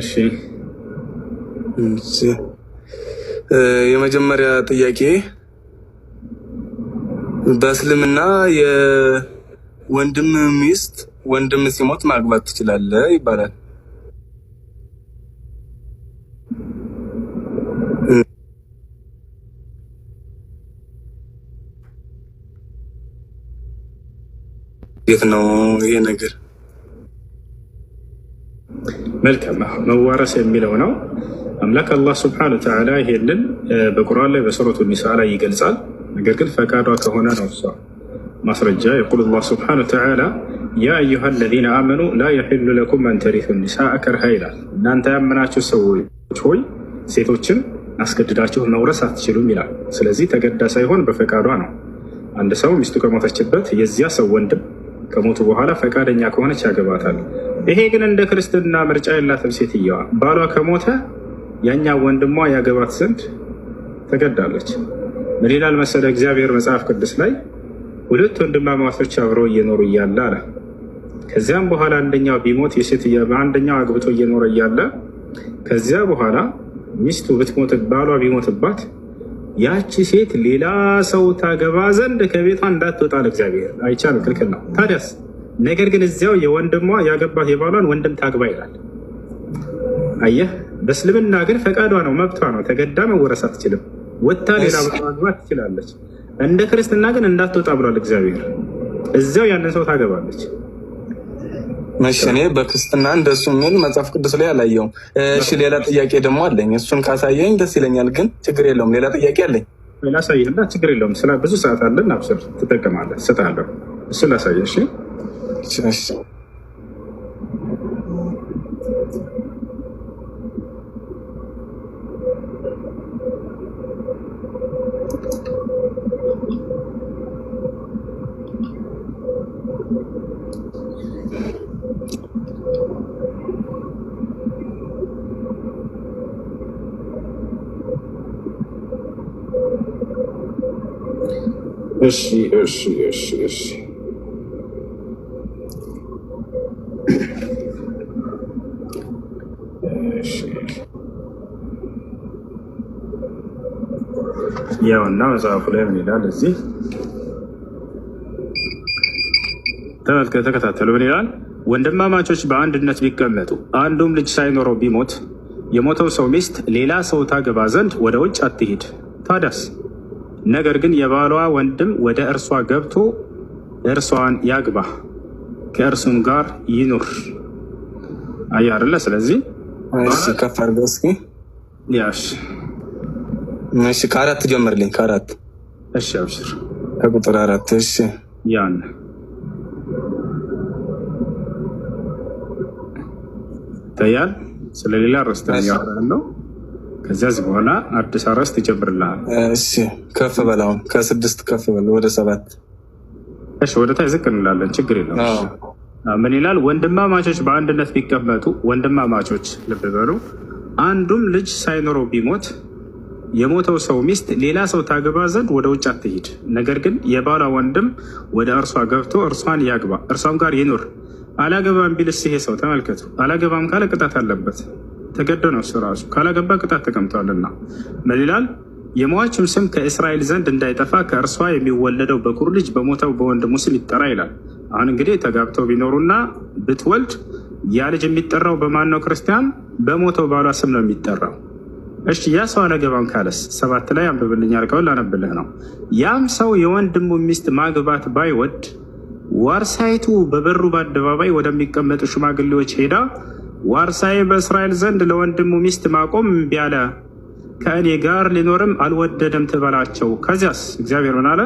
እሺ የመጀመሪያ ጥያቄ በእስልምና የወንድም ሚስት ወንድም ሲሞት ማግባት ትችላለህ ይባላል። የት ነው ይሄ ነገር? መልካም መዋረስ የሚለው ነው። አምላክ አላህ ስብሐነሁ ወተዓላ ይሄንን በቁርአን ላይ በሱረቱ ኒሳ ላይ ይገልጻል። ነገር ግን ፈቃዷ ከሆነ ነው እሷ ማስረጃ የቁል አላህ ስብሐነሁ ወተዓላ ያ አዩሃ ለዚነ አመኑ ላ የሒሉ ለኩም አንተሪፍ ኒሳ ከርሃ ይላል። እናንተ ያመናችሁ ሰዎች ሆይ ሴቶችን አስገድዳችሁ መውረስ አትችሉም ይላል። ስለዚህ ተገዳ ሳይሆን በፈቃዷ ነው። አንድ ሰው ሚስቱ ከሞተችበት የዚያ ሰው ወንድም ከሞቱ በኋላ ፈቃደኛ ከሆነች ያገባታል። ይሄ ግን እንደ ክርስትና ምርጫ የላትም። ሴትየዋ ባሏ ከሞተ ያኛ ወንድሟ ያገባት ዘንድ ተገዳለች። ምን ይላል መሰለ እግዚአብሔር መጽሐፍ ቅዱስ ላይ ሁለት ወንድማማቾች አብረው እየኖሩ እያለ አለ። ከዚያም በኋላ አንደኛው ቢሞት የሴትየዋ በአንደኛው አግብቶ እየኖረ እያለ ከዚያ በኋላ ሚስቱ ብትሞት ባሏ ቢሞትባት ያቺ ሴት ሌላ ሰው ታገባ ዘንድ ከቤቷ እንዳትወጣ ለእግዚአብሔር አይቻልም፣ ክልክል ነው። ታዲያስ ነገር ግን እዚያው የወንድሟ ያገባት የባሏን ወንድም ታግባ ይላል። አየህ፣ በእስልምና ግን ፈቃዷ ነው፣ መብቷ ነው። ተገዳ መወረስ አትችልም። ወታ ሌላ ማግባት ትችላለች። እንደ ክርስትና ግን እንዳትወጣ ብሏል እግዚአብሔር። እዚያው ያንን ሰው ታገባለች። እሺ፣ እኔ በክርስትና እንደሱ የሚል መጽሐፍ ቅዱስ ላይ አላየውም። እሺ፣ ሌላ ጥያቄ ደግሞ አለኝ። እሱን ካሳየኝ ደስ ይለኛል፣ ግን ችግር የለውም። ሌላ ጥያቄ አለኝ። ላሳይህና ችግር የለውም። ስለ ብዙ ሰዓት አለን፣ አብስር ትጠቀማለህ፣ ስጣለሁ እሱ ላሳየ 这是。二十一，二十二，十二十。ያውና መጽሐፉ ላይ ምን ይላል? እዚህ ተመልከ ተከታተሉ። ምን ይላል? ወንድማማቾች በአንድነት ቢቀመጡ አንዱም ልጅ ሳይኖረው ቢሞት የሞተው ሰው ሚስት ሌላ ሰው ታገባ ዘንድ ወደ ውጭ አትሂድ። ታዳስ ነገር ግን የባሏ ወንድም ወደ እርሷ ገብቶ እርሷን ያግባ ከእርሱም ጋር ይኑር። አያርለ ስለዚህ ከፍ እስኪ ያሽ እሺ ከአራት ጀምርልኝ ከአራት እሺ አብሽር ከቁጥር አራት እሺ ያን ታያል። ስለሌላ አርዕስት ያወራለው ከዚያዝ በኋላ አዲስ አረስት ይጀምርልሃል እሺ ከፍ በላውን ከስድስት ከፍ በል ወደ ሰባት እሺ ወደ ታይ ዝቅ እንላለን ችግር የለውም ምን ይላል ወንድማማቾች በአንድነት ቢቀመጡ ወንድማማቾች ልብ በሉ አንዱም ልጅ ሳይኖረው ቢሞት የሞተው ሰው ሚስት ሌላ ሰው ታገባ ዘንድ ወደ ውጭ አትሂድ። ነገር ግን የባሏ ወንድም ወደ እርሷ ገብቶ እርሷን ያግባ፣ እርሷም ጋር ይኑር። አላገባም ቢልስ ይሄ ሰው ተመልከቱ፣ አላገባም ካለ ቅጣት አለበት። ተገዶ ነው ራሱ ካላገባ ቅጣት ተቀምጧልና ምን ይላል? የሟችም ስም ከእስራኤል ዘንድ እንዳይጠፋ ከእርሷ የሚወለደው በኩር ልጅ በሞተው በወንድሙ ስም ይጠራ ይላል። አሁን እንግዲህ ተጋብተው ቢኖሩና ብትወልድ ያ ልጅ የሚጠራው በማን ነው? ክርስቲያን በሞተው ባሏ ስም ነው የሚጠራው። እሺ ያ ሰው አላገባም ካለስ ሰባት ላይ አንብብልኝ አልከው ላነብልህ ነው። ያም ሰው የወንድሙ ሚስት ማግባት ባይወድ ዋርሳይቱ በበሩ በአደባባይ ወደሚቀመጡ ሽማግሌዎች ሄዳ ዋርሳዬ በእስራኤል ዘንድ ለወንድሙ ሚስት ማቆም እምቢ አለ፣ ከእኔ ጋር ሊኖርም አልወደደም ትበላቸው። ከዚያስ እግዚአብሔር ምን አለ?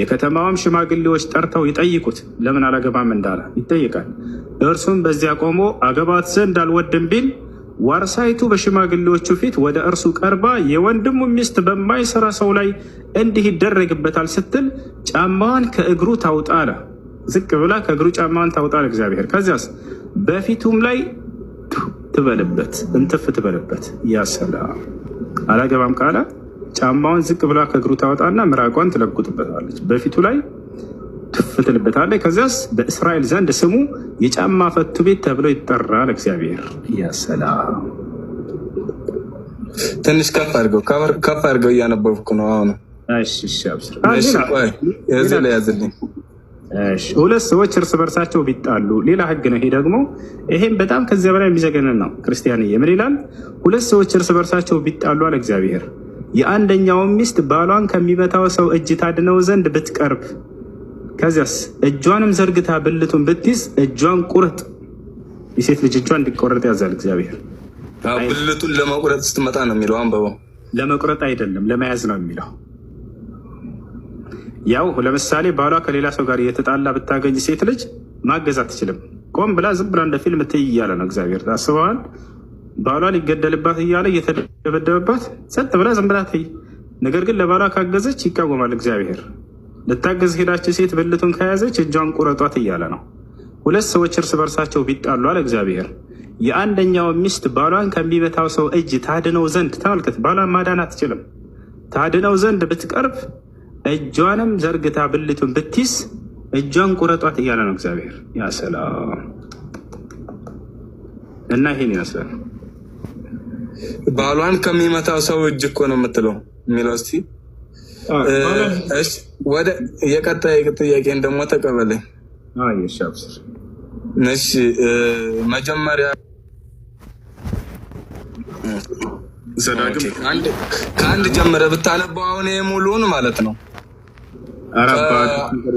የከተማውም ሽማግሌዎች ጠርተው ይጠይቁት ለምን አላገባም እንዳለ ይጠይቃል። እርሱም በዚያ ቆሞ አገባት ዘንድ አልወድም ቢል ዋርሳይቱ በሽማግሌዎቹ ፊት ወደ እርሱ ቀርባ የወንድሙ ሚስት በማይሰራ ሰው ላይ እንዲህ ይደረግበታል ስትል ጫማዋን ከእግሩ ታውጣለ። ዝቅ ብላ ከእግሩ ጫማዋን ታውጣለ። እግዚአብሔር ከዚያስ በፊቱም ላይ ትበልበት እንትፍ ትበልበት። ያሰላ አላገባም ካለ ጫማዋን ዝቅ ብላ ከእግሩ ታወጣና ምራቋን ትለቁጥበታለች በፊቱ ላይ ትፈትልበታለህ። ከዚያስ በእስራኤል ዘንድ ስሙ የጫማ ፈቱ ቤት ተብሎ ይጠራል። እግዚአብሔር ያሰላም ትንሽ ከፍ አድርገው ከፍ አድርገው እያነበብኩ ነው አሁን ሁለት ሰዎች እርስ በርሳቸው ቢጣሉ ሌላ ህግ ነው ይሄ ደግሞ ይሄም በጣም ከዚያ በላይ የሚዘገንን ነው ክርስቲያንዬ ምን ይላል ሁለት ሰዎች እርስ በርሳቸው ቢጣሉ አለ እግዚአብሔር የአንደኛውን ሚስት ባሏን ከሚመታው ሰው እጅ ታድነው ዘንድ ብትቀርብ ከዚያስ እጇንም ዘርግታ ብልቱን ብትይዝ እጇን ቁረጥ። የሴት ልጅ እጇን እንዲቆረጥ ያዛል እግዚአብሔር። ብልቱን ለመቁረጥ ስትመጣ ነው የሚለው አንበበው። ለመቁረጥ አይደለም ለመያዝ ነው የሚለው። ያው ለምሳሌ ባሏ ከሌላ ሰው ጋር እየተጣላ ብታገኝ ሴት ልጅ ማገዝ አትችልም። ቆም ብላ ዝም ብላ እንደ ፊልም ትይ እያለ ነው እግዚአብሔር። ታስበዋል። ባሏ ሊገደልባት እያለ እየተደበደበባት ጸጥ ብላ ዝም ብላ ትይ። ነገር ግን ለባሏ ካገዘች ይቃወማል እግዚአብሔር። ልታገዝ ሄዳች ሴት ብልቱን ከያዘች እጇን ቁረጧት እያለ ነው። ሁለት ሰዎች እርስ በርሳቸው ቢጣሉ አለ እግዚአብሔር የአንደኛው ሚስት ባሏን ከሚመታው ሰው እጅ ታድነው ዘንድ ተመልከት፣ ባሏን ማዳን አትችልም። ታድነው ዘንድ ብትቀርብ እጇንም ዘርግታ ብልቱን ብትይዝ እጇን ቁረጧት እያለ ነው እግዚአብሔር። ያ ሰላም እና ይሄን ይመስላል። ባሏን ከሚመታው ሰው እጅ እኮ ነው የምትለው የሚለው እስኪ ወደ የቀጣይ ጥያቄን ደግሞ ተቀበለኝ። እሺ መጀመሪያ ከአንድ ጀምረ ብታነበው አሁን ይሄ ማለት ነው።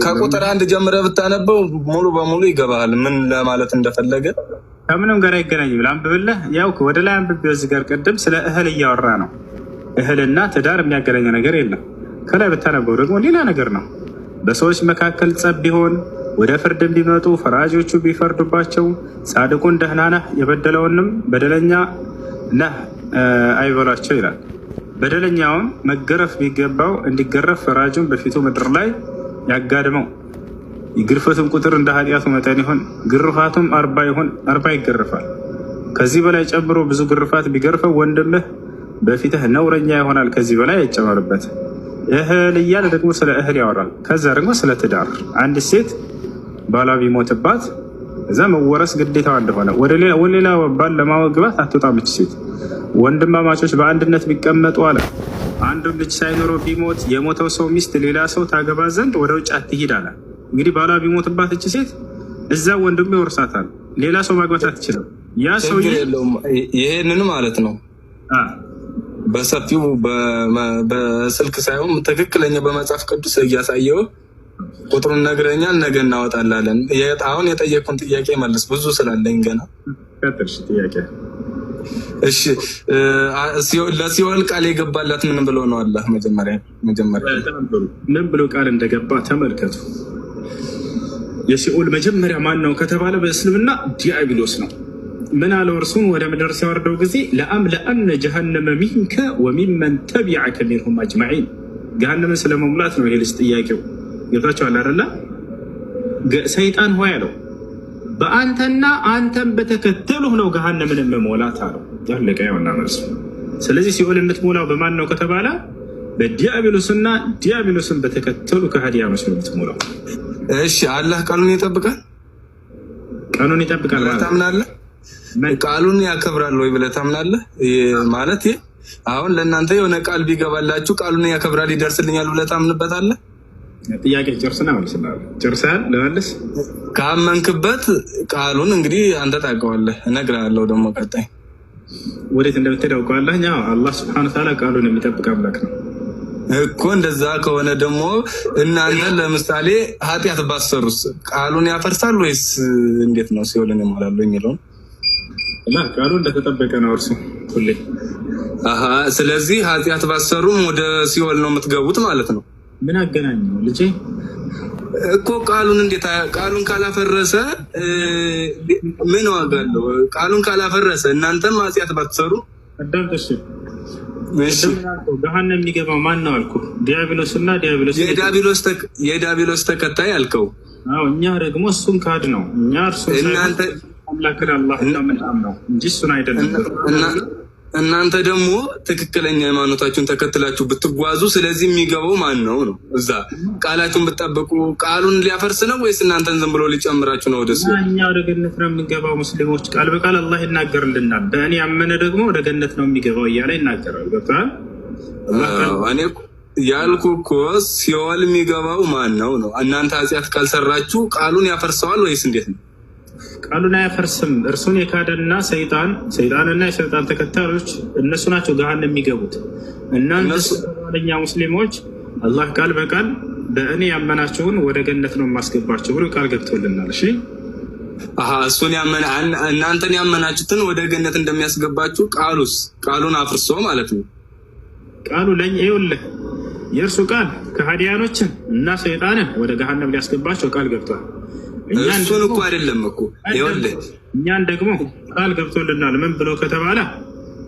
ከቁጥር አንድ ጀምረ ብታነበው ሙሉ በሙሉ ይገባል ምን ለማለት እንደፈለገ ከምንም ጋር አይገናኝም። ላንብብልህ። ያው ወደ ላይ አንብቤ እዚህ ጋር ቅድም ስለ እህል እያወራ ነው። እህልና ትዳር የሚያገናኘ ነገር የለም። ከላይ ብታነበው ደግሞ ሌላ ነገር ነው። በሰዎች መካከል ጸብ ቢሆን ወደ ፍርድም ቢመጡ ፈራጆቹ ቢፈርዱባቸው ጻድቁን ደህና ነህ፣ የበደለውንም በደለኛ ነህ አይበሏቸው ይላል። በደለኛውም መገረፍ ቢገባው እንዲገረፍ ፈራጁን በፊቱ ምድር ላይ ያጋድመው። የግርፈቱም ቁጥር እንደ ኃጢአቱ መጠን ይሆን ግርፋቱም አርባ ይሆን፣ አርባ ይገርፋል። ከዚህ በላይ ጨምሮ ብዙ ግርፋት ቢገርፈው ወንድምህ በፊትህ ነውረኛ ይሆናል። ከዚህ በላይ አይጨመርበት። እህል እያለ ደግሞ ስለ እህል ያወራል። ከዛ ደግሞ ስለ ትዳር አንድ ሴት ባላ ቢሞትባት እዛ መወረስ ግዴታዋ እንደሆነ ወደ ሌላ ባል ለማግባት አትወጣምች ሴት ወንድማማቾች በአንድነት ቢቀመጡ አለ አንዱ ልጅ ሳይኖረው ቢሞት የሞተው ሰው ሚስት ሌላ ሰው ታገባ ዘንድ ወደ ውጭ አትሂድ አለ። እንግዲህ ባሏ ቢሞትባት እች ሴት እዛ ወንድሙ ይወርሳታል። ሌላ ሰው ማግባት አትችልም። ያ ሰው ይሄንን ማለት ነው በሰፊው በስልክ ሳይሆን ትክክለኛ በመጽሐፍ ቅዱስ እያሳየው ቁጥሩን ነግረኛል። ነገ እናወጣላለን። አሁን የጠየቅኩን ጥያቄ መልስ። ብዙ ስላለኝ ገና እሺ። ለሲኦል ቃል የገባላት ምን ብሎ ነው አለ መጀመሪያ መጀመሪያ ምን ብሎ ቃል እንደገባ ተመልከቱ። የሲኦል መጀመሪያ ማን ነው ከተባለ በእስልምና ዲያብሎስ ነው። ምን አለው? እርሱን ወደ ምድር ሲያወርደው ጊዜ ለአምለአነ ጀሃነመ ሚንከ ወሚመን ተቢዐከ ሚንሁም አጅማዒን ገሃነምን ስለመሙላት ነው። ይሄ ልጅ ጥያቄው ገብታችኋል አይደለ? ሰይጣን ሆይ አለው በአንተና አንተን በተከተሉህ ነው ገሃነምን መሞላት አለው። ያለቀ ያውና መልሱ። ስለዚህ ሲኦል የምትሞላው በማን ነው ከተባለ በዲያብሎስና ዲያብሎስን በተከተሉ ከሃዲያኖች ነው የምትሞላው። እሺ አላህ ቀኑን ይጠብቃል፣ ቀኑን ይጠብቃል። ታምናለህ? ቃሉን ያከብራል ወይ ብለህ ታምናለህ? ማለት አሁን ለእናንተ የሆነ ቃል ቢገባላችሁ ቃሉን ያከብራል ይደርስልኛል ብለህ ታምንበታለህ? ጥያቄ ጨርስና ጨርሰሃል? ለመልስ ካመንክበት ቃሉን እንግዲህ አንተ ታውቀዋለህ፣ እነግርሃለሁ ደግሞ ቀጣይ ወዴት እንደምትሄድ አውቀዋለህ። አላህ ስብሐነሁ ወተዓላ ቃሉን የሚጠብቅ አምላክ ነው እኮ። እንደዛ ከሆነ ደግሞ እናንተ ለምሳሌ ኃጢአት ባሰሩስ ቃሉን ያፈርሳል ወይስ እንዴት ነው? ሲኦልን ይሞላሉ የሚለውን እና ቃሉ እንደተጠበቀ ነው። እርሱ ሁሌ ስለዚህ ኃጢአት ባሰሩም ወደ ሲኦል ነው የምትገቡት ማለት ነው። ምን አገናኘው ልጄ? እኮ ቃሉን እንዴት ቃሉን ካላፈረሰ ምን ዋጋ አለው? ቃሉን ካላፈረሰ እናንተም ኃጢአት ባትሰሩ አዳምጠሽ ገሃነም የሚገባው ማን ነው አልኩ። ዲያብሎስ እና ዲያብሎስ የዲያብሎስ ተከታይ አልከው። እኛ ደግሞ እሱን ካድ ነው እኛ እርሱ አምላክን አላህ ምናምን ነው እንጂ እሱን አይደለም። እናንተ ደግሞ ትክክለኛ ሃይማኖታችሁን ተከትላችሁ ብትጓዙ፣ ስለዚህ የሚገባው ማን ነው ነው? እዛ ቃላችሁን ብትጠብቁ ቃሉን ሊያፈርስ ነው ወይስ እናንተን ዝም ብሎ ሊጨምራችሁ ነው? ወደሱ እኛ ወደ ገነት ነው የምንገባው። ሙስሊሞች ቃል በቃል አላህ ይናገርልናል። በእኔ ያመነ ደግሞ ወደ ገነት ነው የሚገባው እያለ ይናገራል። ገብቶሃል? ያልኩ እኮ ሲኦል የሚገባው ማን ነው ነው። እናንተ ኃጢአት ካልሰራችሁ ቃሉን ያፈርሰዋል ወይስ እንዴት ነው? ቃሉን አያፈርስም። እርሱን የካደና ሰይጣን ሰይጣንና የሰይጣን ተከታዮች እነሱ ናቸው ገሃነም የሚገቡት። እናንተ ለኛ ሙስሊሞች አላህ ቃል በቃል በእኔ ያመናቸውን ወደ ገነት ነው የማስገባቸው ብሎ ቃል ገብቶልናል። እሺ እሱን እናንተን ያመናችሁትን ወደ ገነት እንደሚያስገባችሁ ቃሉስ ቃሉን አፍርሶ ማለት ነው። ቃሉ ለኝ ይኸውልህ፣ የእርሱ ቃል ከሃዲያኖችን እና ሰይጣንን ወደ ገሃነም ሊያስገባቸው ቃል ገብቷል። እሱን እኮ አይደለም እኮ ይኸውልህ፣ እኛን ደግሞ ቃል ገብቶልናል። ምን ብሎ ከተባለ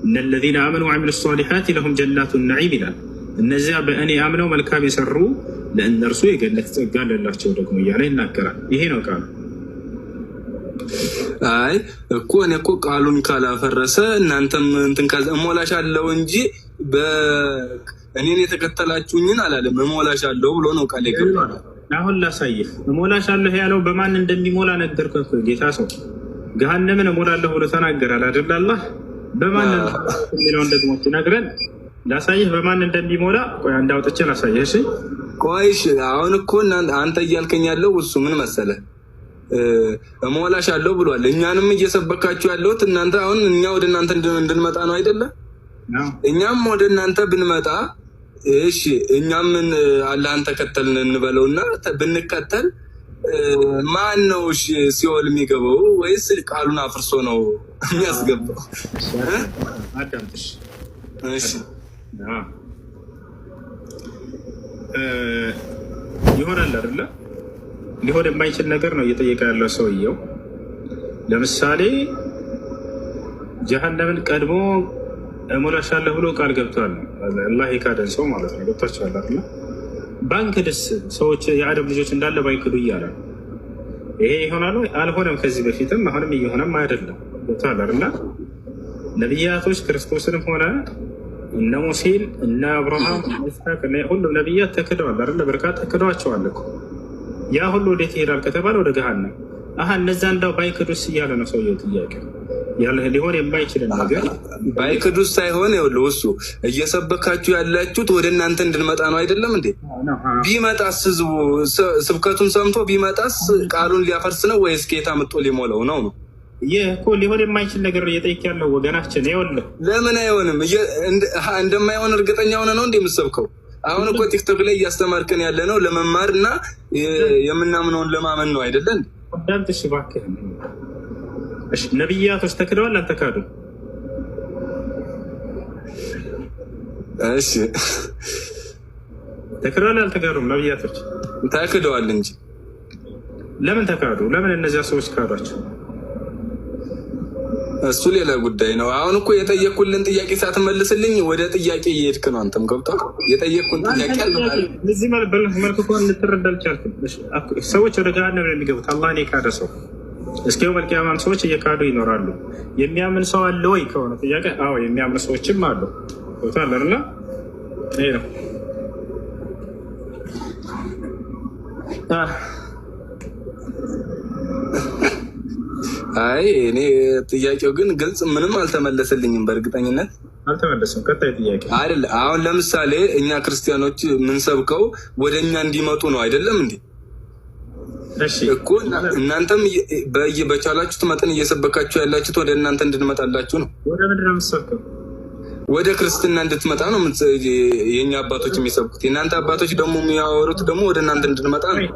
እነ ለዚነ አመኑ ወዐሚሉ ሷሊሓት ለሁም ጀናቱ ነዒም ይላል። እነዚያ በእኔ አምነው መልካም የሰሩ ለእነርሱ የገነት ጸጋ ለላቸው ደግሞ እያለ ይናገራል። ይሄ ነው ቃሉ። አይ እኮ እኔ እኮ ቃሉን ካላፈረሰ እናንተም እንትን እሞላሽ አለው እንጂ እኔን የተከተላችሁኝን አላለም። እሞላሽ አለው ብሎ ነው ቃል የገባል። አሁን ላሳይህ እሞላሻለሁ ያለው በማን እንደሚሞላ ነገርከው። ጌታ ሰው ገሃነምን እሞላለሁ ብሎ ተናገራል አይደል? አላህ በማን የሚለውን ደግሞ ነግረን ላሳይህ በማን እንደሚሞላ ቆይ አንድ አውጥቼ ላሳይህ። እሺ ቆይሽ አሁን እኮ አንተ እያልከኝ ያለው እሱ ምን መሰለ እሞላሻለሁ ብሏል። እኛንም እየሰበካችሁ ያለሁት እናንተ አሁን እኛ ወደ እናንተ እንድንመጣ ነው አይደለ? እኛም ወደ እናንተ ብንመጣ እሺ እኛም አላህን ተከተልን እንበለውና ብንከተል ማን ነው ሲኦል የሚገባው? ወይስ ቃሉን አፍርሶ ነው የሚያስገባው? ይሆናል አይደለ? ሊሆን የማይችል ነገር ነው እየጠየቀ ያለው ሰውየው። ለምሳሌ ጀሀነምን ቀድሞ እሞላሻለሁ ብሎ ቃል ገብቷል። አላህ የካደን ሰው ማለት ነው። ገብታችኋል አይደል? ባንክ ድስ ሰዎች የአደም ልጆች እንዳለ ባይክዱ እያለ ይሄ ይሆናል ወይ? አልሆነም። ከዚህ በፊትም አሁንም እየሆነም አይደለም። ገብቷል አይደል? ነቢያቶች ክርስቶስንም ሆነ እነ ሙሴን እነ አብርሃም ስቅ ሁሉም ነቢያት ተክደዋል አይደል? በርካታ ተክደዋቸዋል እኮ ያ ሁሉ ወዴት ይሄዳል ከተባለ ወደ ገሃነም። አሀ እነዛ እንዳው ባይክዱስ እያለ ነው ሰውየው ጥያቄ ሊሆን የማይችልን ነገር ቅዱስ ሳይሆን ይኸውልህ፣ እሱ እየሰበካችሁ ያላችሁት ወደ እናንተ እንድንመጣ ነው። አይደለም እንዴ? ቢመጣስ ህዝቡ ስብከቱን ሰምቶ ቢመጣስ ቃሉን ሊያፈርስ ነው ወይስ ጌታ ምጦ ሊሞላው ነው ነው? ይህ እኮ ሊሆን የማይችል ነገር እየጠየቅ ያለው ወገናችን፣ ይኸውልህ ለምን አይሆንም? እንደማይሆን እርግጠኛ ሆነ ነው እንዴ የምትሰብከው? አሁን እኮ ቲክቶክ ላይ እያስተማርክን ያለ ነው ለመማር እና የምናምነውን ለማመን ነው አይደለም? ነቢያቶች ተክደዋል አልተካዱም? እሺ ተክደዋል አልተካዱም? ነቢያቶች ተክደዋል እንጂ ለምን ተካዱ? ለምን እነዚያ ሰዎች ካዷቸው? እሱ ሌላ ጉዳይ ነው። አሁን እኮ የጠየቅኩልን ጥያቄ ሳትመልስልኝ ወደ ጥያቄ እየሄድክ ነው። አንተም ገብቶ የጠየቅኩን ጥያቄ በዚህ መልኩ እንድትረዳ አልቻልኩም። ሰዎች ወደ ገሃነም ነው የሚገቡት አላህን የካደ ሰው እስኪ መልቅያማም ሰዎች እየካዱ ይኖራሉ። የሚያምን ሰው አለ ወይ ከሆነ ጥያቄ፣ አዎ የሚያምን ሰዎችም አሉ። ቦታ አለና ይሄ ነው። አይ እኔ ጥያቄው ግን ግልጽ ምንም አልተመለሰልኝም። በእርግጠኝነት አልተመለሰም። ቀጣይ ጥያቄ አይደለ? አሁን ለምሳሌ እኛ ክርስቲያኖች ምንሰብከው ወደ እኛ እንዲመጡ ነው አይደለም እንዴ? እኮ እናንተም በቻላችሁት መጠን እየሰበካችሁ ያላችሁት ወደ እናንተ እንድንመጣላችሁ ነው። ወደ ክርስትና እንድትመጣ ነው የእኛ አባቶች የሚሰብኩት። የእናንተ አባቶች ደግሞ የሚያወሩት ደግሞ ወደ እናንተ እንድንመጣ ነው።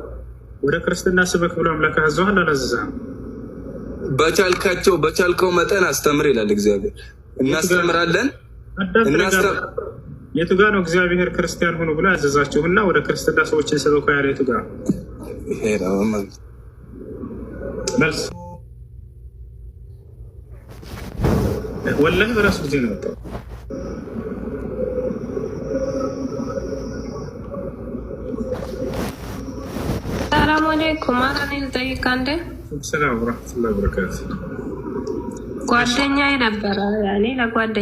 ወደ ክርስትና ስበክ ብሎ አምላክ አዘዋል። አላዘዛም። በቻልካቸው በቻልከው መጠን አስተምር ይላል እግዚአብሔር። እናስተምራለን። የቱ ጋ ነው እግዚአብሔር ክርስቲያን ሆኑ ብሎ ያዘዛችሁ እና ወደ ክርስትና ሰዎችን ሰበኩ ያለ የቱ ጋ ነው? ወላሂ በራሱ ጊዜ ነው የመጣው። ሰላም አለይኩም። ኧረ እኔን ጠይቅ አንዴ። ሰላም ረመቱላ በረካቱ ጓደኛ ነበረ ለጓደኛ